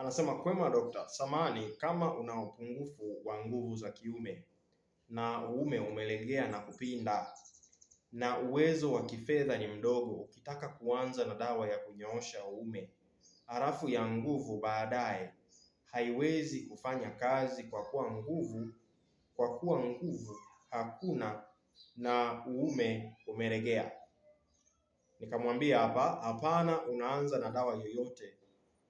Anasema kwema dokta, samani kama una upungufu wa nguvu za kiume na uume umelegea na kupinda na uwezo wa kifedha ni mdogo, ukitaka kuanza na dawa ya kunyoosha uume harafu ya nguvu baadaye haiwezi kufanya kazi kwa kuwa nguvu kwa kuwa nguvu hakuna na uume umelegea. Nikamwambia hapa, hapana, unaanza na dawa yoyote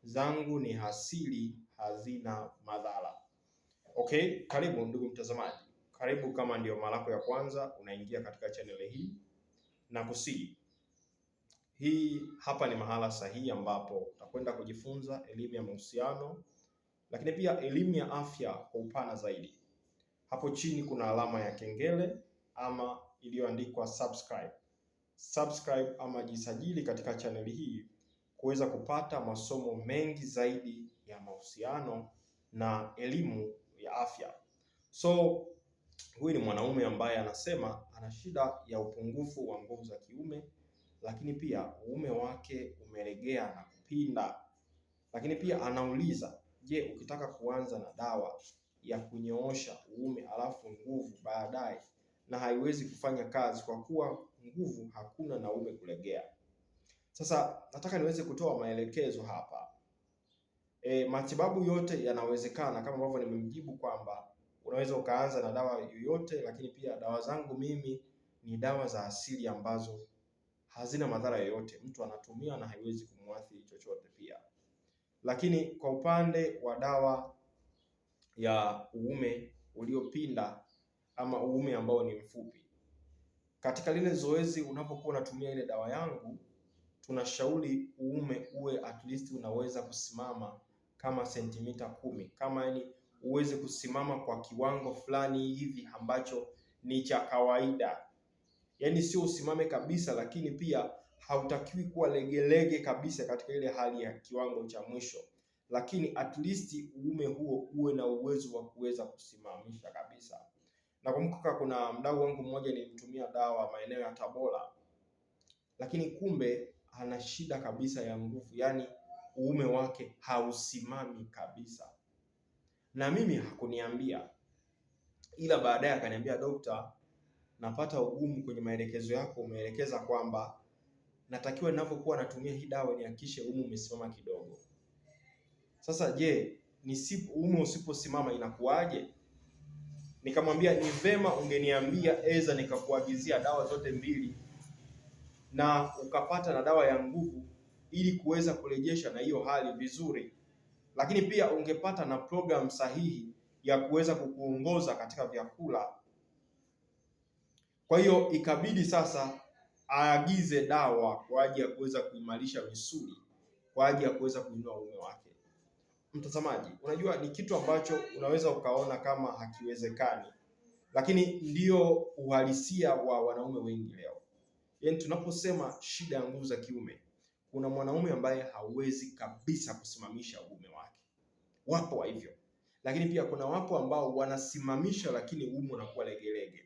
zangu ni hasili hazina madhara. Okay, karibu ndugu mtazamaji, karibu kama ndio mara yako ya kwanza unaingia katika chaneli hii, na kusii hii hapa ni mahala sahihi ambapo utakwenda kujifunza elimu ya mahusiano, lakini pia elimu ya afya kwa upana zaidi. Hapo chini kuna alama ya kengele ama iliyoandikwa subscribe. Subscribe ama jisajili katika chaneli hii kuweza kupata masomo mengi zaidi ya mahusiano na elimu ya afya. So huyu ni mwanaume ambaye anasema ana shida ya upungufu wa nguvu za kiume, lakini pia uume wake umelegea na kupinda. Lakini pia anauliza, je, ukitaka kuanza na dawa ya kunyoosha uume alafu nguvu baadaye na haiwezi kufanya kazi kwa kuwa nguvu hakuna na uume kulegea. Sasa nataka niweze kutoa maelekezo hapa. E, matibabu yote yanawezekana kama ambavyo nimemjibu kwamba unaweza ukaanza na dawa yoyote, lakini pia dawa zangu mimi ni dawa za asili ambazo hazina madhara yoyote, mtu anatumia na haiwezi kumwathiri chochote pia. Lakini kwa upande wa dawa ya uume uliopinda ama uume ambao ni mfupi, katika lile zoezi unapokuwa unatumia ile dawa yangu tunashauri uume uwe at least unaweza kusimama kama sentimita kumi, kama yani uweze kusimama kwa kiwango fulani hivi ambacho ni cha kawaida, yani sio usimame kabisa, lakini pia hautakiwi kuwa legelege kabisa katika ile hali ya kiwango cha mwisho, lakini at least uume huo uwe na uwezo wa kuweza kusimamisha kabisa. Nakumbuka kuna mdau wangu mmoja nilimtumia dawa maeneo ya Tabora, lakini kumbe ana shida kabisa ya nguvu, yaani uume wake hausimami kabisa, na mimi hakuniambia, ila baadaye akaniambia, dokta, napata ugumu kwenye maelekezo yako, umeelekeza kwamba natakiwa ninapokuwa natumia hii dawa nihakikishe uume umesimama kidogo. Sasa je, nisipo uume usiposimama inakuwaje? Nikamwambia ni vema ungeniambia, eza nikakuagizia dawa zote mbili na ukapata na dawa ya nguvu ili kuweza kurejesha na hiyo hali vizuri, lakini pia ungepata na program sahihi ya kuweza kukuongoza katika vyakula. Kwa hiyo ikabidi sasa aagize dawa kwa ajili ya kuweza kuimarisha misuli kwa ajili ya kuweza kuinua uume wake. Mtazamaji, unajua ni kitu ambacho unaweza ukaona kama hakiwezekani, lakini ndiyo uhalisia wa wanaume wengi leo. Yaani tunaposema shida ya nguvu za kiume, kuna mwanaume ambaye hawezi kabisa kusimamisha uume wake. Wapo wa hivyo, lakini pia kuna wapo ambao wanasimamisha, lakini uume unakuwa legelege.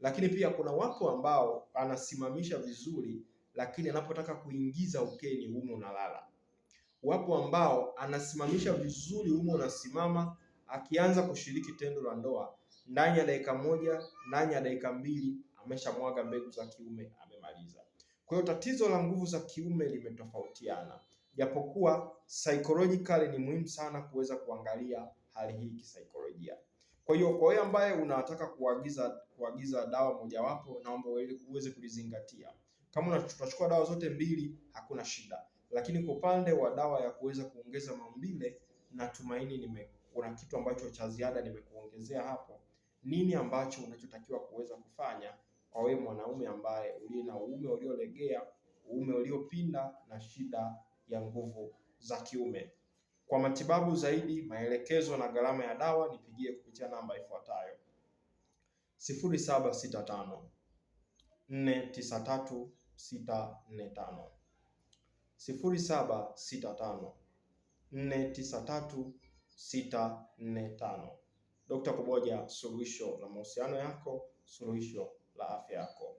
Lakini pia kuna wapo ambao anasimamisha vizuri, lakini anapotaka kuingiza ukeni uume unalala. Wapo ambao anasimamisha vizuri, uume unasimama. Akianza kushiriki tendo la ndoa, ndani ya dakika moja, ndani ya dakika mbili ameshamwaga mbegu za kiume, amemaliza. Kwa hiyo tatizo la nguvu za kiume limetofautiana, japokuwa psychological ni muhimu sana kuweza kuangalia hali hii kisaikolojia. Kwa hiyo kwa wewe ambaye unataka kuagiza kuagiza dawa mojawapo, naomba uweze kulizingatia. Kama unachukua dawa zote mbili, hakuna shida, lakini kwa upande wa dawa ya kuweza kuongeza maumbile, natumaini nime kuna kitu ambacho cha ziada nimekuongezea hapo. Nini ambacho unachotakiwa kuweza kufanya kwa wewe mwanaume ambaye uliye na uume uliolegea, uume uliopinda na shida ya nguvu za kiume. Kwa matibabu zaidi, maelekezo na gharama ya dawa, nipigie kupitia namba ifuatayo: sifuri saba sita sifuri saba sita tano nne tisa tatu sita nne tano. Dokta Kuboja, suluhisho la mahusiano yako, suluhisho la afya yako.